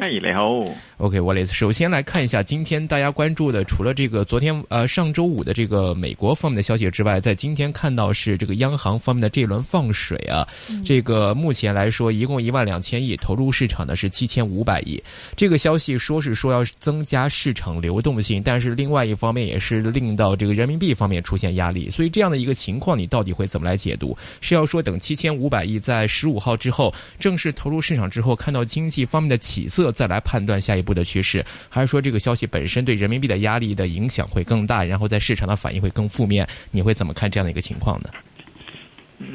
Hello，OK，我、well, 哋首先來看一下今天大家關注的，除了這個昨天，呃，上周五的這個美國方面的消息之外，在今天看到是這個央行方面的這輪放水啊，這個目前來說一共一萬兩千億投入市場呢是七千五百億，這個消息說是說要增加市場流動性，但是另外一方面也是令到這個人民幣方面出現壓力，所以這樣的一個情況你到底會怎麼來解讀？是要說等七千五百億在十五號之後正式投入市場之後，看到經濟方面的起色？再來判斷下一步的趨勢，還是說這個消息本身對人民幣的壓力的影響會更大，然後在市場的反應會更負面？你會怎麼看這樣的一個情況呢？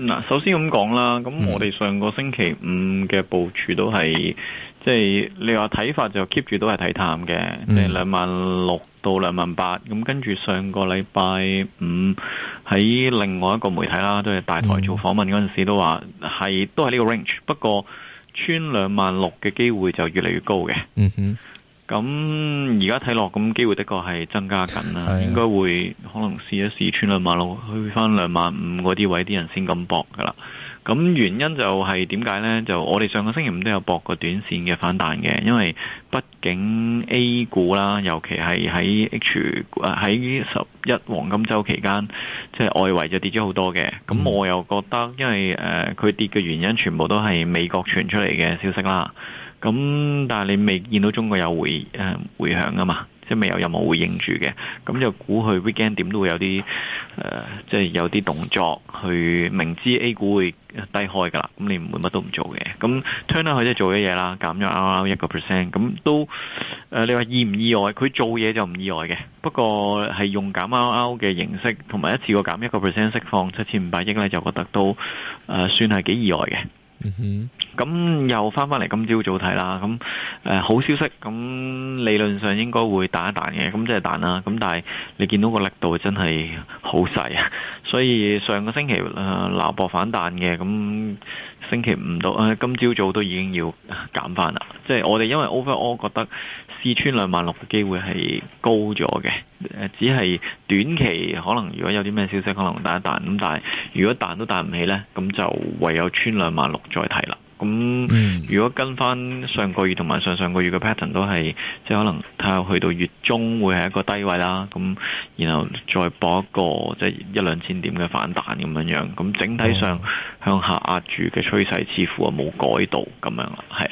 嗱，首先咁講啦，咁我哋上個星期五嘅部署都係，即係、嗯就是、你話睇法就 keep 住都係睇淡嘅，即係兩萬六到兩萬八。咁跟住上個禮拜五喺另外一個媒體啦，都、就、係、是、大台做訪問嗰陣時都話係、嗯、都係呢個 range，不過，穿兩萬六嘅機會就越嚟越高嘅，嗯哼，咁而家睇落咁機會的確係增加緊啦， 應該會可能試一試穿兩萬六，去返兩萬五嗰啲位，啲人先咁搏㗎喇。咁原因就係點解咧？就我哋上個星期五都有搏過短線嘅反彈嘅，因為畢竟 A 股啦，尤其係喺 H 誒喺十一黃金周期間，即係外圍就跌咗好多嘅。咁我又覺得，因為誒佢、呃、跌嘅原因全部都係美國傳出嚟嘅消息啦。咁但係你未見到中國有回誒回響啊嘛？即未有任何回應住嘅，咁就估佢 w e e k e n d 點都會有啲誒，即、呃、係、就是、有啲動作去明知 A 股會低開㗎啦，咁你唔會乜都唔做嘅。咁 turn down 佢即係做咗嘢啦，減咗 r 啱一個 percent，咁都誒、呃，你話意唔意外？佢做嘢就唔意外嘅，不過係用減 r 啱嘅形式，同埋一次過減一個 percent 釋放七千五百億咧，就覺得都誒、呃、算係幾意外嘅。嗯哼，咁又翻返嚟今朝早睇啦，咁誒、呃、好消息，咁理論上應該會彈一彈嘅，咁即係彈啦，咁但係你見到個力度真係好細呀，所以上個星期誒拉博反彈嘅，咁星期五到誒、呃、今朝早,早都已經要減翻啦，即、就、係、是、我哋因為 overall 我覺得。試穿兩萬六嘅機會係高咗嘅，誒只係短期可能如果有啲咩消息可能會彈一彈，咁但係如果彈都彈唔起呢，咁就唯有穿兩萬六再睇啦。咁如果跟翻上個月同埋上上個月嘅 pattern 都係，即係可能睇下去到月中會係一個低位啦。咁然後再搏一個即係、就是、一兩千點嘅反彈咁樣樣。咁整體上向下壓住嘅趨勢似乎冇改到咁樣啦，係啊。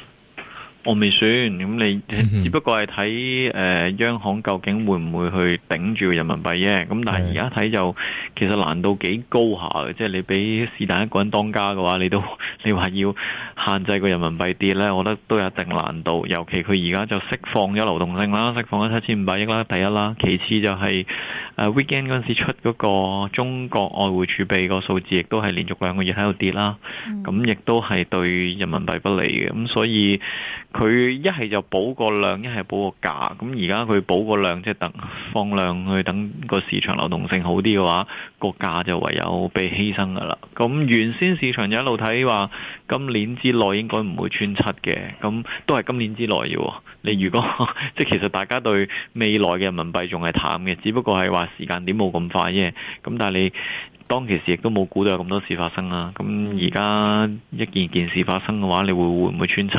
我未算，咁你只不過係睇誒央行究竟會唔會去頂住人民幣啫？咁但係而家睇就其實難度幾高下，即係你俾是但一個人當家嘅話，你都你話要限制個人民幣跌呢，我覺得都有一定難度。尤其佢而家就釋放咗流動性啦，釋放咗七千五百億啦，第一啦，其次就係誒 weekend 嗰陣時出嗰個中國外匯儲備個數字，亦都係連續兩個月喺度跌啦，咁亦都係對人民幣不利嘅，咁所以。佢一係就保個量，一係保個價。咁而家佢保個量，即係等放量去等個市場流動性好啲嘅話，個價就唯有被犧牲噶啦。咁原先市場就一路睇話，今年之內應該唔會穿七嘅。咁都係今年之內嘅。你如果即係其實大家對未來嘅人民幣仲係淡嘅，只不過係話時間點冇咁快啫。咁但係你。當其時亦都冇估到有咁多事發生啦，咁而家一件件事發生嘅話，你會會唔會穿七？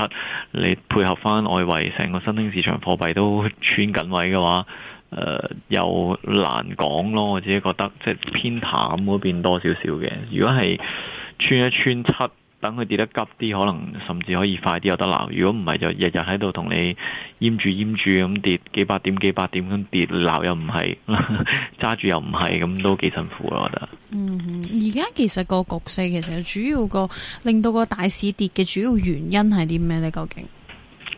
你配合翻外圍成個新興市場貨幣都穿緊位嘅話，誒、呃、又難講咯。我自己覺得即係偏淡嗰邊多少少嘅。如果係穿一穿七。等佢跌得急啲，可能甚至可以快啲有得撈。如果唔係，就日日喺度同你淹住淹住咁跌，幾百點幾百點咁跌，鬧又唔係，揸 住又唔係，咁都幾辛苦我覺得。而家、嗯嗯、其實個局勢其實主要個令到個大市跌嘅主要原因係啲咩呢？究竟？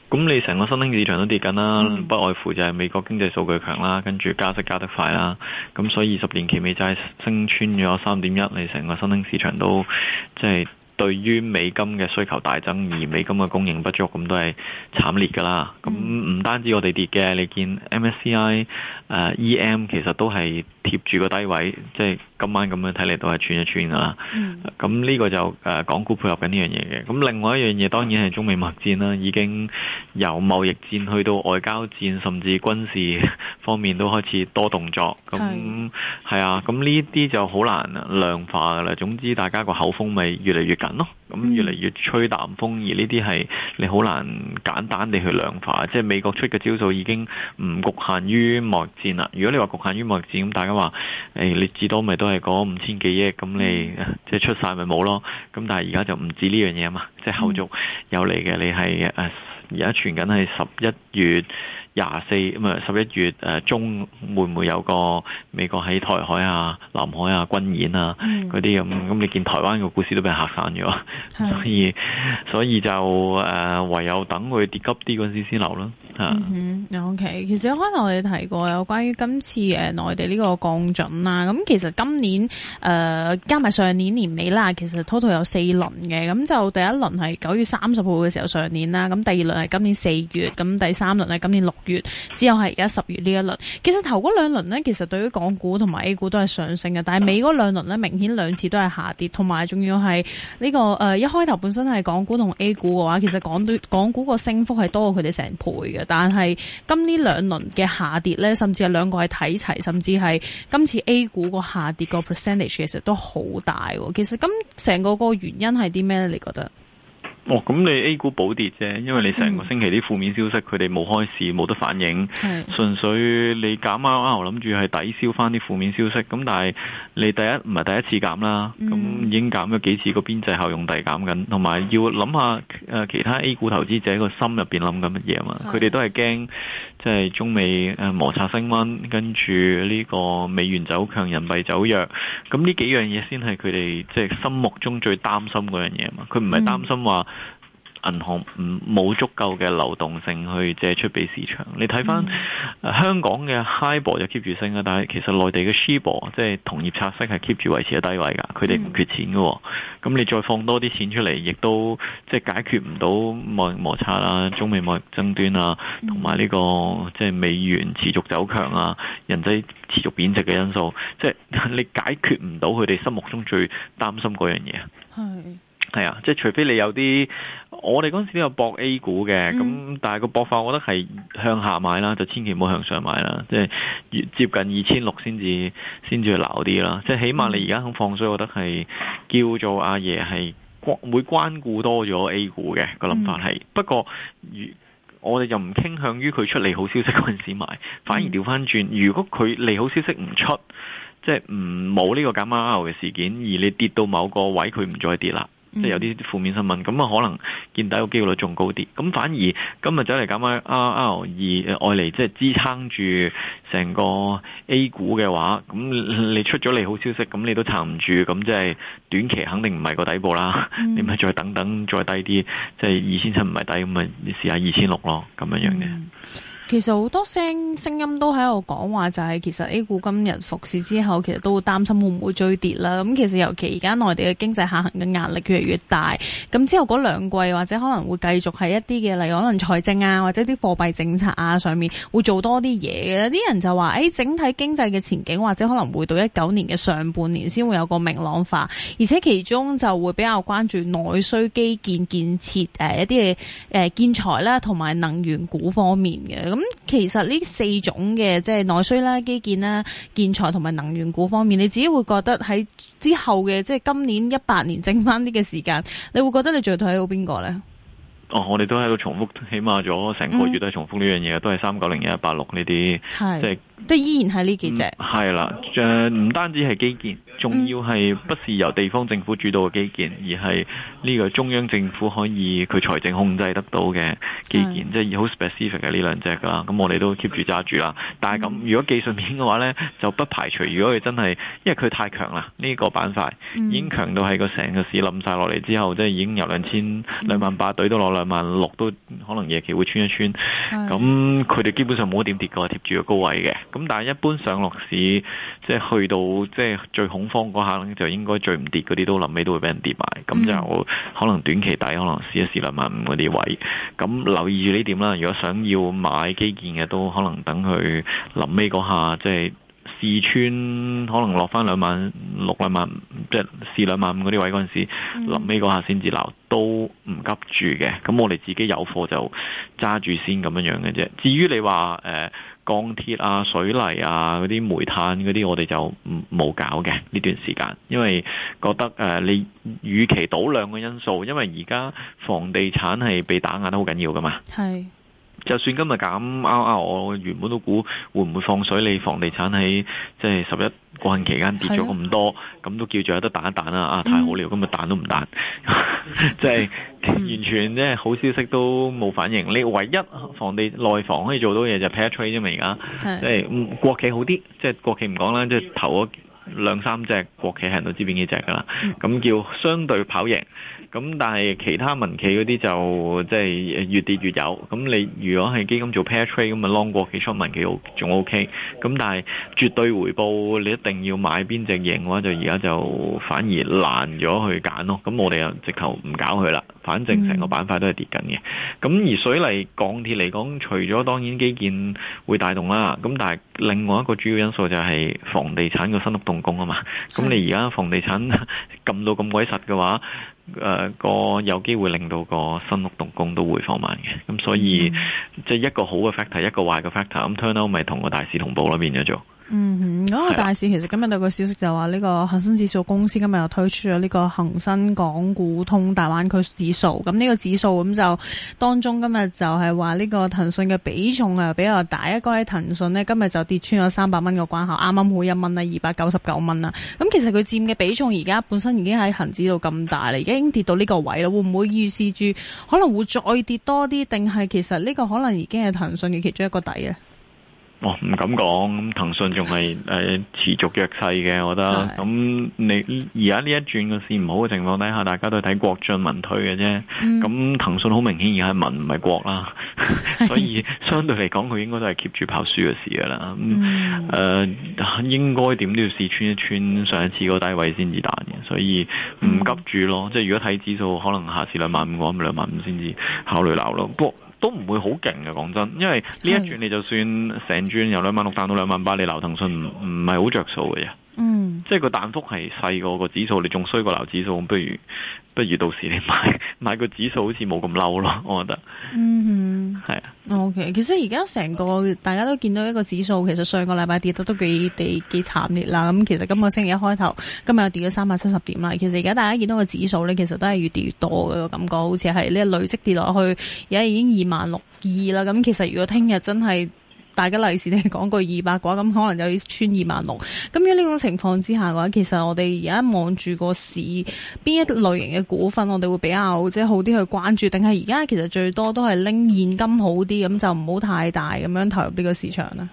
咁你成個新興市場都跌緊啦，嗯、不外乎就係美國經濟數據強啦，跟住加息加得快啦，咁所以二十年期美債升穿咗三點一，你成個新興市場都即係。對於美金嘅需求大增，而美金嘅供應不足，咁都係慘烈㗎喇。咁唔單止我哋跌嘅，你見 MSCI、呃、EM 其實都係貼住個低位，即係。今晚咁樣睇嚟都係串一串㗎喇，咁呢、嗯啊這個就誒、呃、港股配合緊呢樣嘢嘅。咁另外一樣嘢，當然係中美貿易戰啦，嗯、已經由貿易戰去到外交戰，甚至軍事方面都開始多動作。咁係是啊，咁呢啲就好難量化噶啦。總之，大家個口風咪越嚟越緊咯。咁越嚟越吹淡風，而呢啲係你好難簡單地去量化。即係美國出嘅招數已經唔局限於貿戰啦。如果你話局限於貿戰，咁大家話誒、哎，你至多咪都係講五千幾億，咁你即係出晒咪冇咯。咁但係而家就唔止呢樣嘢啊嘛，即係後續有嚟嘅。你係誒而家傳緊係十一月，廿四咁啊！十一月誒、呃、中會唔會有個美國喺台海啊、南海啊軍演啊嗰啲咁？咁你見台灣個股市都俾人嚇散咗，所以所以就誒、呃、唯有等佢跌急啲嗰陣時先留啦嚇。OK，其實開頭我哋提過有關於今次誒內地呢個降準啦，咁其實今年誒、呃、加埋上年年尾啦，其實 total 有四輪嘅，咁就第一輪係九月三十號嘅時候上年啦，咁第二輪係今年四月，咁第三輪係今年六。之後月只有係而家十月呢一輪，其實頭嗰兩輪呢，其實對於港股同埋 A 股都係上升嘅，但係尾嗰兩輪呢，明顯兩次都係下跌，同埋仲要係呢、這個誒、呃、一開頭本身係港股同 A 股嘅話，其實港股港股個升幅係多過佢哋成倍嘅，但係今呢兩輪嘅下跌呢，甚至係兩個係睇齊，甚至係今次 A 股個下跌個 percentage 其實都好大，哦。其實今成個個原因係啲咩呢？你覺得？哦，咁你 A 股補跌啫，因為你成個星期啲負面消息，佢哋冇開市，冇得反應，是純粹你減啱啱，我諗住係抵消翻啲負面消息。咁但係你第一唔係第一次減啦，咁、嗯、已經減咗幾次個邊際效用遞減緊，同埋要諗下誒其他 A 股投資者個心入邊諗緊乜嘢啊嘛，佢哋是都係驚。即係中美誒摩擦升溫，跟住呢個美元走強，人民幣走弱，咁呢幾樣嘢先係佢哋即係心目中最擔心嗰樣嘢嘛。佢唔係擔心話。銀行唔冇足夠嘅流動性去借出俾市場，你睇翻，嗯呃、香港嘅 high 波就 keep 住升啊，但係其實內地嘅 c h e a 即係同業拆息係 keep 住維持喺低位噶，佢哋唔缺錢噶，哦、咁、嗯、你再放多啲錢出嚟，亦都即係解決唔到貿易摩擦啦，啊、中美貿易爭端啊，同埋呢個即係、就是、美元持續走強啊、人仔持續貶值嘅因素，即、就、係、是、你解決唔到佢哋心目中最擔心嗰樣嘢。啊，係係啊，即係除非你有啲。我哋嗰時都有博 A 股嘅，咁但係個博法，我覺得係向下買啦，就千祈唔好向上買啦，即係接近二千六先至先至撈啲啦。即係起碼你而家咁放水，我覺得係叫做阿爺係關會關顧多咗 A 股嘅個諗法係。不過，我哋就唔傾向於佢出利好消息嗰陣時買，反而調翻轉。如果佢利好消息唔出，即係唔冇呢個減孖流嘅事件，而你跌到某個位，佢唔再跌啦。即係有啲負面新聞，咁啊可能見底個機會率仲高啲。咁反而今日走嚟減翻 R R 二外嚟，即係支撐住成個 A 股嘅話，咁你出咗利好消息，咁你都撐唔住，咁即係短期肯定唔係個底部啦。嗯、你咪再等等，再低啲，即係二千七唔係底，咁咪你試下二千六咯，咁樣樣嘅。嗯其實好多聲聲音都喺度講話，就是，就係其實 A 股，欸、今日復市之後，其實都會擔心會唔會追跌啦。咁其實尤其而家內地嘅經濟下行嘅壓力越嚟越大，咁之後嗰兩季或者可能會繼續係一啲嘅，例如可能財政啊，或者啲貨幣政策啊上面會做多啲嘢嘅。啲人就話，誒、欸，整體經濟嘅前景或者可能會到一九年嘅上半年先會有個明朗化，而且其中就會比較關注內需基建建設，誒、呃，一啲誒、呃、建材啦，同埋能源股方面嘅。咁其實呢四種嘅即係內需啦、基建啦、建材同埋能源股方面，你自己會覺得喺之後嘅即係今年一八年剩翻啲嘅時間，你會覺得你最睇到邊個呢？哦，我哋都喺度重複，起碼咗成個月都係重複呢樣嘢，嗯、都係三九零一八六呢啲，係是。都依然係呢幾隻，係啦、嗯，誒，唔單止係基建，仲要係不是由地方政府主導嘅基建，嗯、而係呢個中央政府可以佢財政控制得到嘅基建，即係好 specific 嘅呢兩隻㗎啦。咁我哋都 keep 住揸住啦。但係咁，如果技術面嘅話呢，就不排除如果佢真係，因為佢太強啦，呢、這個板塊已經強到係個成個市冧晒落嚟之後，嗯、即係已經由兩千兩萬八懟到落兩萬六，都可能夜期會穿一穿。咁佢哋基本上冇點跌過，貼住個高位嘅。咁但係一般上落市，即係去到即係最恐慌嗰下咧，就應該最唔跌嗰啲都臨尾都會俾人跌埋，咁、嗯、就可能短期底可能試一試兩萬五嗰啲位。咁留意住呢點啦。如果想要買基建嘅，都可能等佢臨尾嗰下，即係試穿，可能落翻兩萬六兩萬，即係試兩萬五嗰啲位嗰陣時，臨尾嗰下先至留，都唔急住嘅。咁我哋自己有貨就揸住先咁樣樣嘅啫。至於你話，誒。呃鋼鐵啊、水泥啊嗰啲煤炭嗰、啊、啲，啊、我哋就冇搞嘅，呢段時間，因為覺得誒、呃，你與其倒兩個因素，因為而家房地產係被打壓得好緊要噶嘛。係。就算今日咁啱啱我原本都估會唔會放水，你房地產喺即係十一國慶期間跌咗咁多，咁的都叫做有得彈一彈啦。啊，太好了，嗯、今日彈都唔彈，即 係、就是、完全即係、嗯、好消息都冇反應。你唯一房地內房可以做到嘢就 pair trade 啫嘛。而家即係國企好啲，即、就、係、是、國企唔講啦，即、就、係、是、投咗兩三隻國企係人都知邊幾隻噶啦，咁、嗯嗯、叫相對跑贏。咁但係其他民企嗰啲就即係越跌越有。咁你如果係基金做 pair trade 咁咪 long 國企 short 民企仲 O K。咁但係絕對回報你一定要買邊隻型嘅話，就而家就反而難咗去揀咯。咁我哋又直頭唔搞佢啦，反正成個板塊都係跌緊嘅。咁而水泥、鋼鐵嚟講，除咗當然基建會帶動啦，咁但係另外一個主要因素就係房地產個新屋動工啊嘛。咁你而家房地產撳到咁鬼實嘅話。誒、呃、個有機會令到個新屋動工都會放慢嘅，咁所以即係、嗯、一個好嘅 factor，一個壞嘅 factor，咁 turnout 咪同個大市同步咯，變咗做。嗯哼，嗰個大市其實今日有個消息就話呢個恒生指數公司今日又推出咗呢個恒生港股通大灣區指數，咁呢個指數咁就當中今日就係話呢個騰訊嘅比重啊比較大，一個喺騰訊呢，今日就跌穿咗三百蚊嘅關口，啱啱好一蚊啦，二百九十九蚊啦。咁其實佢佔嘅比重而家本身已經喺恒指度咁大啦，已經跌到呢個位啦，會唔會預示住可能會再跌多啲，定係其實呢個可能已經係騰訊嘅其中一個底啊？我唔、哦、敢講，咁騰訊仲係誒持續弱勢嘅，我覺得。咁你而家呢一轉個市唔好嘅情況底下，大家都係睇國進民退嘅啫。咁騰訊好明顯而家係民唔係國啦，所以相對嚟講，佢應該都係 keep 住跑輸嘅事嘅啦。誒應該點都要試穿一穿上一次個低位先至彈嘅，所以唔急住咯。即係如果睇指數，可能下次兩萬五，我諗兩萬五先至考慮撈咯。都唔會好勁嘅，講真，因為呢一轉你就算成轉由兩萬六彈到兩萬八，你留騰訊唔係好着數嘅嘢。嗯即係個彈幅係細過個指數，你仲衰過樓指數，不如不如到時你買買個指數，好似冇咁嬲咯，我覺得。嗯哼，係啊是。OK，其實而家成個大家都見到一個指數，其實上個禮拜跌得都幾地幾慘烈啦。咁其實今個星期一開頭今日又跌咗三百七十點啦。其實而家大家見到個指數咧，其實都係越跌越多嘅感覺，好似係呢累積跌落去，而家已經二萬六二啦。咁其實如果聽日真係，大家大吉利是你講句二百嘅話，咁可能有啲穿二萬六。咁喺呢種情況之下嘅話，其實我哋而家望住個市，邊一類型嘅股份我哋會比較即係好啲去關注，定係而家其實最多都係拎現金好啲，咁就唔好太大咁樣投入呢個市場啦。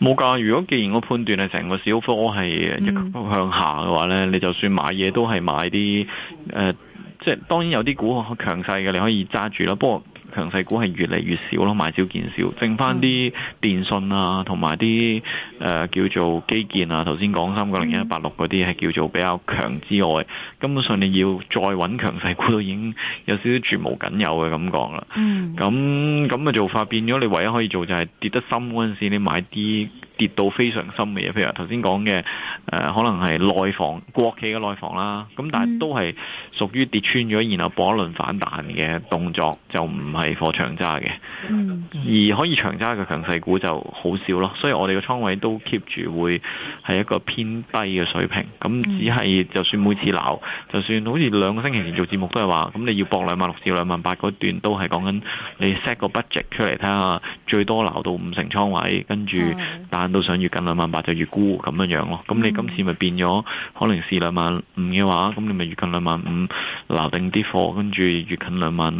冇㗎，如果既然我判斷係成個小科係一向下嘅話咧，嗯、你就算買嘢都係買啲誒、呃，即係當然有啲股強勢嘅你可以揸住啦，不過。強勢股係越嚟越少咯，買少見少，剩翻啲電信啊，同埋啲誒叫做基建啊，頭先講三個零一八六嗰啲係叫做比較強之外，根本上你要再揾強勢股都已經有少少絕無僅有嘅感覺啦。嗯，咁咁嘅做法變咗，你唯一可以做就係跌得深嗰陣時，你買啲。跌到非常深嘅嘢，譬如頭先講嘅，誒、呃，可能係內房國企嘅內房啦，咁、嗯、但係都係屬於跌穿咗，然後搏一輪反彈嘅動作，就唔係貨長揸嘅。嗯、而可以長揸嘅強勢股就好少咯，所以我哋嘅倉位都 keep 住會係一個偏低嘅水平，咁只係就算每次撈，就算好似兩個星期前做節目都係話，咁你要搏兩萬六至兩萬八嗰段，都係講緊你 set 個 budget 出嚟睇下，最多撈到五成倉位，跟住、嗯、但都想越近兩萬八就越沽咁樣樣咯，咁你今次咪變咗可能試兩萬五嘅話，咁你咪越近兩萬五留定啲貨，跟住越近兩萬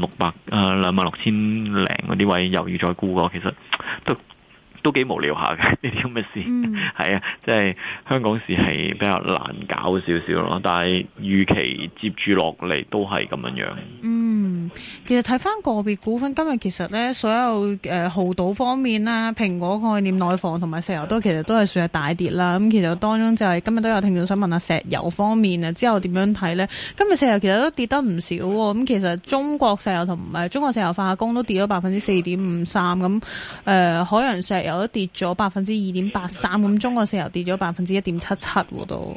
六百，誒、呃，兩萬六千零嗰啲位又要再沽嘅，其實都都幾無聊下嘅呢啲咁嘅事，係、嗯、 啊，即係香港市係比較難搞少少咯，但係預期接住落嚟都係咁樣樣。嗯其實睇返個別股份，今日其實呢所有誒、呃、濠賭方面啦，蘋果概念內房同埋石油都其實都係算係大跌啦。咁、嗯、其實當中就係、是、今日都有聽眾想問下石油方面啊，之後點樣睇呢？今日石油其實都跌得唔少喎、哦。咁、嗯、其實中國石油同埋、呃、中國石油化工都跌咗百分之四點五三，咁、嗯、誒、呃，海洋石油都跌咗百分之二點八三，咁中國石油跌咗百分之一點七七喎都。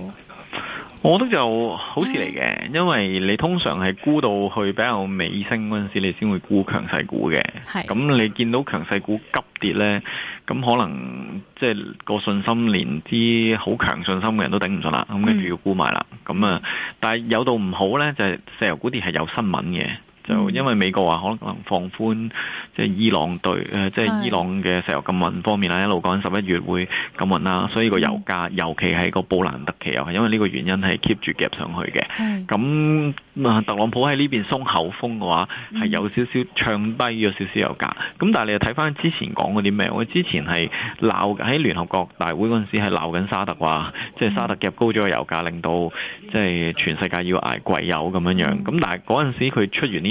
我覺得就好事嚟嘅，因為你通常係沽到去比較尾聲嗰陣時，你先會沽強勢股嘅。咁是你見到強勢股急跌呢，咁可能即係個信心，連啲好強信心嘅人都頂唔順啦，咁跟住要沽埋啦。咁啊、嗯，但係有度唔好呢，就是、石油股跌係有新聞嘅。就因為美國話可能放寬，即係伊朗對，即係伊朗嘅石油禁運方面啦，一路講十一月會禁運啦，所以個油價，尤其係個布蘭特期油係因為呢個原因係 keep 住夾上去嘅。咁啊，特朗普喺呢邊鬆口風嘅話係有少少唱低咗少少油價，咁、嗯、但係你又睇翻之前講嗰啲咩？我之前係鬧，喺聯合國大會嗰陣時係鬧緊沙特話，即係沙特夾高咗個油價，令到即係全世界要捱貴油咁樣樣，咁、嗯、但係嗰陣時佢出完呢？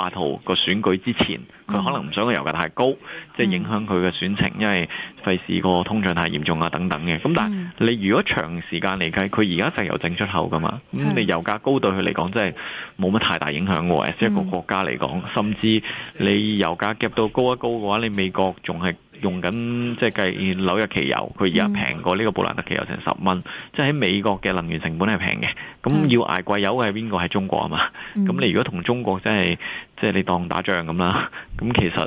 霸圖個選舉之前，佢可能唔想個油價太高，即係影響佢嘅選情，因為費事個通脹太嚴重啊等等嘅。咁但係你如果長時間嚟計，佢而家石油整出口噶嘛，咁的你油價高對佢嚟講真係冇乜太大影響嘅喎。一個國家嚟講，甚至你油價夾到高一高嘅話，你美國仲係。用緊即係計紐約期油，佢而家平過呢個布蘭特期油成十蚊，嗯、即係喺美國嘅能源成本係平嘅。咁是要捱貴油嘅係邊個？係中國啊嘛。咁、嗯、你如果同中國即係即係你當打仗咁啦。咁其實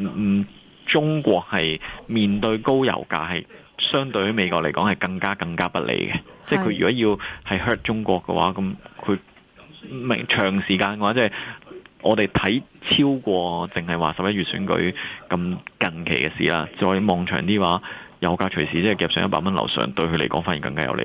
唔、嗯、中國係面對高油價係相對於美國嚟講係更加更加不利嘅。是即係佢如果要係 hurt 中國嘅話，咁佢明長時間嘅話即係。即係我哋睇超過淨係話十一月選舉咁近期嘅事啦，再望長啲話。油價隨時即係夾上一百蚊樓上，對佢嚟講反而更加有利。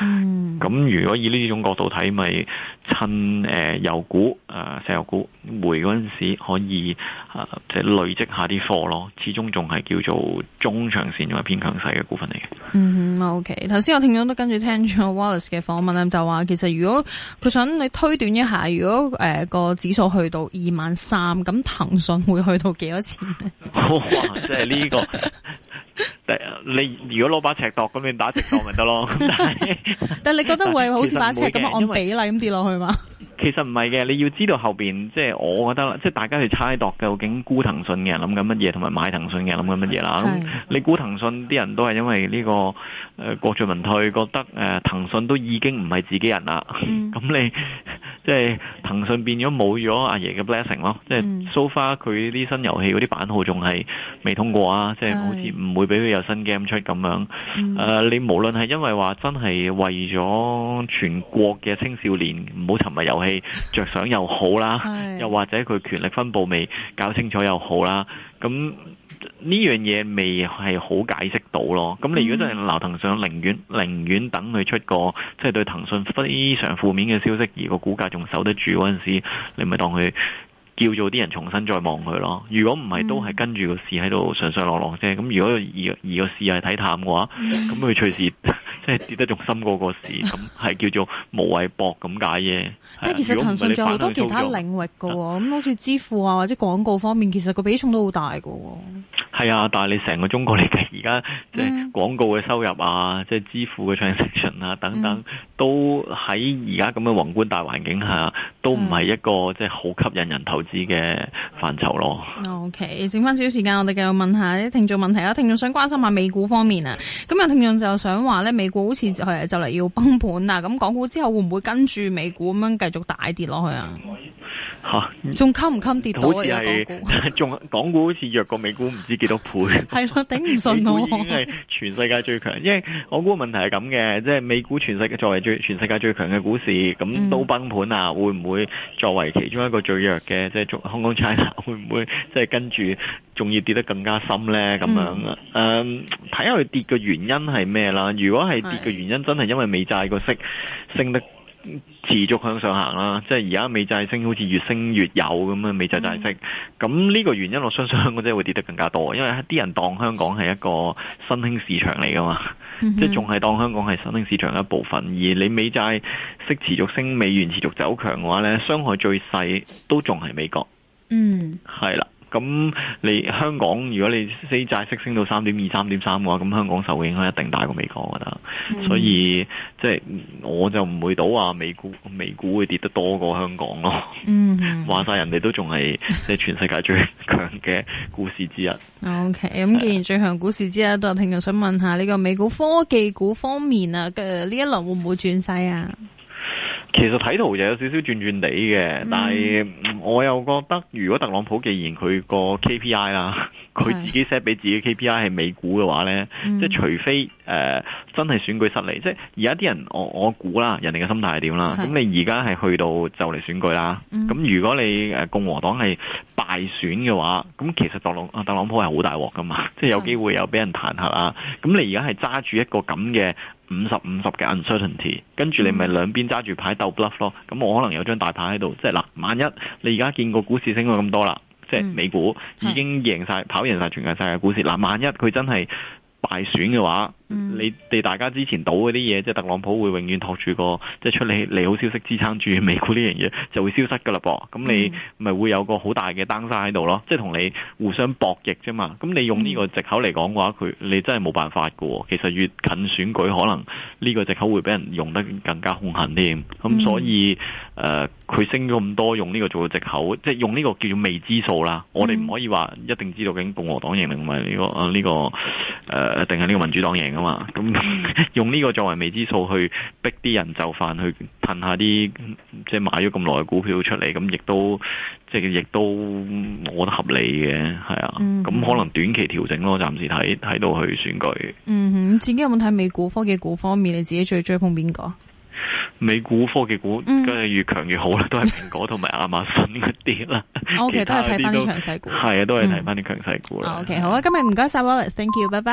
嗯，咁如果以呢種角度睇，咪趁誒油、呃、股誒、呃、石油股回嗰陣時，可以啊、呃、即係累積下啲貨咯。始終仲係叫做中長線，仲係偏強勢嘅股份嚟嘅。嗯，OK。頭先我聽咗都跟住聽咗 Wallace 嘅訪問啊，就話其實如果佢想你推斷一下，如果誒、呃那個指數去到二萬三，咁騰訊會去到幾多錢咧？哇！即係呢個。 你如果攞把尺度，咁你打直度咪得咯？但係，但你覺得會，會好似把尺咁樣按比例咁跌落去嘛？其實唔係嘅，你要知道後邊即係我覺得啦，即係大家去猜度究竟沽騰訊嘅人諗緊乜嘢，同埋買騰訊嘅人諗緊乜嘢啦。咁是你沽騰訊啲人都係因為呢、這個誒郭晉文退，覺得誒騰訊都已經唔係自己人啦。咁、嗯、你即係。騰訊變咗冇咗阿爺嘅 blessing 咯，即係 so far，佢啲新遊戲嗰啲版號仲係未通過啊，即係好似唔會俾佢有新 game 出咁樣。誒的、呃，你無論係因為話真係為咗全國嘅青少年唔好沉迷遊戲着想又好啦， 的又或者佢權力分佈未搞清楚又好啦。咁呢、嗯、樣嘢未係好解釋到咯。咁、嗯、你如果你真係留騰上，寧願寧願等佢出個即係對騰訊非常負面嘅消息，而個股價仲守得住嗰陣時，你咪當佢叫做啲人重新再望佢咯。如果唔係都係跟住個市喺度上上落落啫。咁、嗯、如果而而個市係睇淡嘅話，咁佢隨時。嗯 即係跌得仲深過個市，咁係 叫做無謂博。咁解嘅。即係其實騰訊仲有好多其他領域噶，咁好似支付啊或者廣告方面，其實個比重都好大噶。係啊，但係你成個中國嚟計，而家即係廣告嘅收入啊，即係支付嘅 transaction 啊等等。嗯都喺而家咁嘅宏觀大環境下，都唔係一個的即係好吸引人投資嘅範疇咯。OK，剩翻少少時間，我哋繼續問，問下啲聽眾問題啊！聽眾想關心下美股方面啊，咁啊，聽眾就想話咧，美股好似係就嚟要崩盤啊！咁港股之後會唔會跟住美股咁樣繼續大跌落去啊？吓，仲襟唔襟跌到啊？港仲股港股好似弱過美股唔知幾多倍，係咯， 頂唔順我。美股係全世界最強， 因為我估個問題係咁嘅，即係美股全世界作為 全世界最強嘅股市咁都崩盤啊！會唔會作為其中一個最弱嘅，即係中香港、China 會唔會即係、就是、跟住仲要跌得更加深咧？咁樣誒，睇下佢跌嘅原因係咩啦？如果係跌嘅原因的真係因為美債個息升得。持續向上行啦，即係而家美債升，好似越升越有咁啊！美債債息，咁呢、mm hmm. 個原因我相信香港真係會跌得更加多，因為啲人當香港係一個新興市場嚟噶嘛，mm hmm. 即係仲係當香港係新興市場一部分，而你美債息持續升，美元持續走強嘅話呢，傷害最細都仲係美國。嗯、mm，係、hmm. 啦。咁你香港如果你四債息升到三點二三點三嘅話，咁香港受影響一定大過美國嘅啦。我覺得嗯、所以即係、就是、我就唔會賭啊，美股美股會跌得多過香港咯。嗯、哼話晒人哋都仲係即係全世界最強嘅股市之一。O K，咁既然最強股市之一，都係 聽眾想問下呢、這個美股科技股方面啊嘅呢一輪會唔會轉勢啊？其實睇圖就有少少轉轉地嘅，但係、嗯、我又覺得，如果特朗普既然佢個 KPI 啦，佢 自己 set 俾自己 KPI 係美股嘅話呢，嗯、即係除非誒、呃、真係選舉失利，即係而家啲人我我估啦，人哋嘅心態係點啦。咁是你而家係去到就嚟選舉啦，咁、嗯、如果你誒共和黨係敗選嘅話，咁其實特朗普啊特朗普係好大鑊噶嘛，即係有機會又俾人彈劾啦。咁你而家係揸住一個咁嘅。五十五十嘅 uncertainty，跟住你咪兩邊揸住牌鬥 bluff 咯，咁我可能有張大牌喺度，即係嗱，萬一你而家見過股市升到咁多啦，即係美股已經贏晒，跑贏晒全世界嘅股市，嗱，萬一佢真係敗選嘅話。嗯、你哋大家之前賭嗰啲嘢，即係特朗普會永遠托住個，即係出嚟利好消息支撐住美股呢樣嘢，就會消失噶啦噃。咁、嗯嗯、你咪會有個好大嘅 down 喺度咯，即係同你互相博弈啫嘛。咁你用呢個籍口嚟講嘅話，佢你真係冇辦法嘅。其實越近選舉，可能呢個籍口會俾人用得更加兇狠啲。咁所以誒，佢、嗯呃、升咗咁多，用呢個做籍口，即係用呢個叫做未知數啦。我哋唔可以話一定知道究竟共和黨贏，定唔係呢個啊呢個誒，定係呢個民主黨贏。咁 用呢個作為未知數去逼啲人就範，去噴下啲即係買咗咁耐嘅股票出嚟，咁亦都即係亦都我覺得合理嘅，係啊。咁、嗯、哼可能短期調整咯，暫時睇睇到去選舉。嗯，自己有冇睇美股科技股方面？你自己最追捧邊個？美股科技股梗係越強越好啦，都係蘋果同埋亞馬遜嗰啲啦。OK，都係睇翻啲強勢股，係啊、嗯，都係睇翻啲強勢股啦。OK，好啊，今日唔該晒，Wallace，Thank you，拜拜。